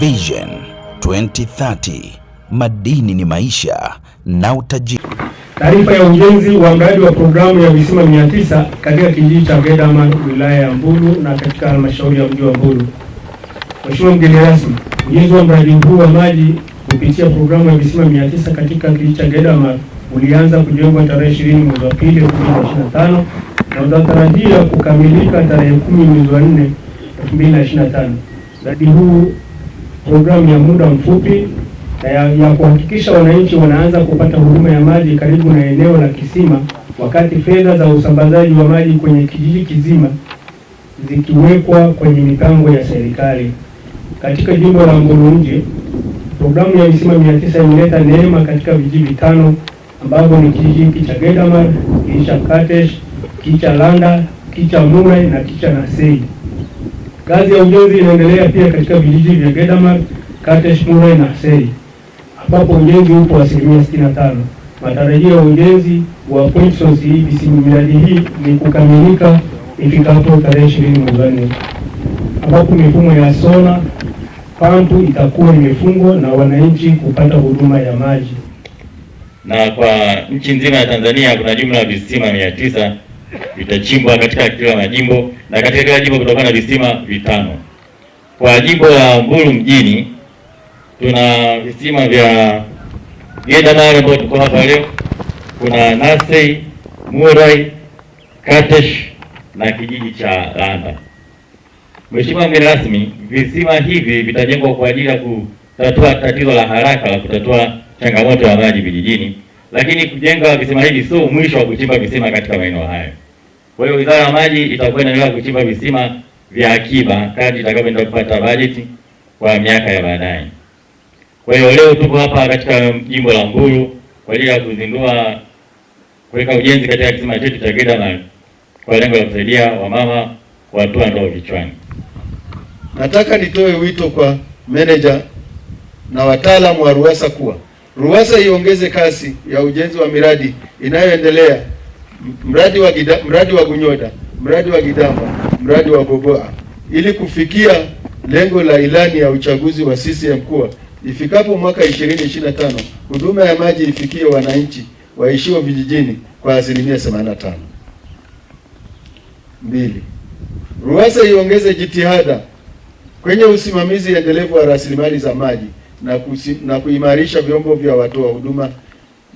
Vision 2030 madini ni maisha na utajiri. Taarifa ya ujenzi wa mradi wa programu ya visima 900 katika kijiji cha Gedama wilaya ya Mbulu na katika halmashauri ya mji wa Mbulu. Mheshimiwa mgeni rasmi, ujenzi wa mradi huu wa maji kupitia programu ya visima 900 katika kijiji cha Gedama ulianza kujengwa tarehe 20 mwezi wa pili 2025 na unatarajia kukamilika tarehe 10 mwezi wa 4 2025. Mradi huu programu ya muda mfupi ya, ya kuhakikisha wananchi wanaanza kupata huduma ya maji karibu na eneo la kisima, wakati fedha za usambazaji wa maji kwenye kijiji kizima zikiwekwa kwenye mipango ya serikali. Katika jimbo la Nguru programu ya visima mia tisa imeleta neema katika vijiji vitano ambavyo ni kijiji cha Gedamar, Kicha Katesh, Kicha Landa, Kicha Mure na Kicha Nasei. Kazi ya ujenzi inaendelea pia katika vijiji vya Gedamar, Katesh, Shmure na Hasei ambapo ujenzi upo asilimia 65. Matarajio ya ujenzi wa Point Source EPC miradi hii ni kukamilika ifikapo tarehe ishirini mwezi wa nne ambapo mifumo ya sola pampu itakuwa imefungwa na wananchi kupata huduma ya maji. Na kwa nchi nzima ya Tanzania kuna jumla ya visima mia tisa vitachimbwa katika kila majimbo na katika kila jimbo kutakuwa na visima vitano. Kwa jimbo la Mbulu mjini tuna visima vya Geda Mare ambayo tuko hapa leo, kuna Nasei, Murai, Katesh na kijiji cha Landa. Mheshimiwa mgeni rasmi, visima hivi vitajengwa kwa ajili ya kutatua tatizo la haraka la kutatua changamoto ya maji vijijini, lakini kujenga visima hivi sio mwisho wa kuchimba visima katika maeneo hayo. Kwa hiyo Wizara ya Maji itakuwa inaendelea kuchimba visima vya akiba kadri itakavyoenda kupata bajeti kwa miaka ya baadaye. Kwa hiyo leo tuko hapa katika jimbo la Mbulu kwa ajili ya kuzindua kuweka ujenzi katika kisima chetu cha Gedamal kwa lengo la kusaidia wamama kuwatoa ndoo vichwani. Nataka nitoe wito kwa meneja na wataalamu wa RUWASA kuwa RUWASA iongeze kasi ya ujenzi wa miradi inayoendelea mradi wa Gida, mradi wa Gunyoda, mradi wa Gidama, mradi wa Gogoa ili kufikia lengo la ilani ya uchaguzi wa CCM kuwa ifikapo mwaka 2025 huduma ya maji ifikie wananchi waishio vijijini kwa asilimia 85. Mbili, RUWASA iongeze jitihada kwenye usimamizi endelevu wa rasilimali za maji na, kusi, na kuimarisha vyombo vya watoa huduma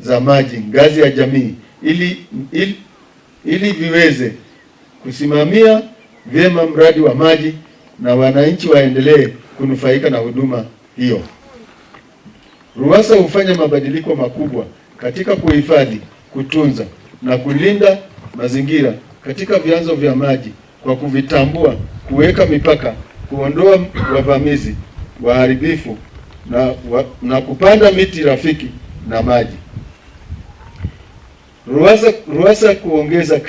za maji ngazi ya jamii ili, ili, ili viweze kusimamia vyema mradi wa maji na wananchi waendelee kunufaika na huduma hiyo. RUWASA hufanya mabadiliko makubwa katika kuhifadhi, kutunza na kulinda mazingira katika vyanzo vya maji kwa kuvitambua, kuweka mipaka, kuondoa wavamizi, waharibifu na, wa, na kupanda miti rafiki na maji. RUWASA, RUWASA kuongeza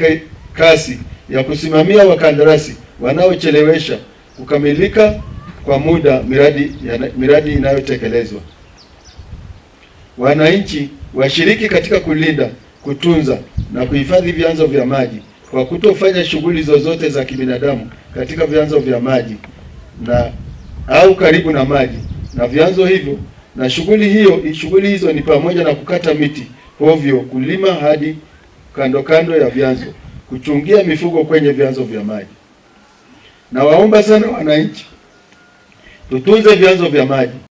kasi ya kusimamia wakandarasi wanaochelewesha kukamilika kwa muda miradi, miradi inayotekelezwa. Wananchi washiriki katika kulinda, kutunza na kuhifadhi vyanzo vya maji kwa kutofanya shughuli zozote za kibinadamu katika vyanzo vya maji na au karibu na maji na vyanzo hivyo, na shughuli hiyo shughuli hizo ni pamoja na kukata miti hovyo, kulima hadi kando kando ya vyanzo, kuchungia mifugo kwenye vyanzo vya maji. Nawaomba sana wananchi, tutunze vyanzo vya maji.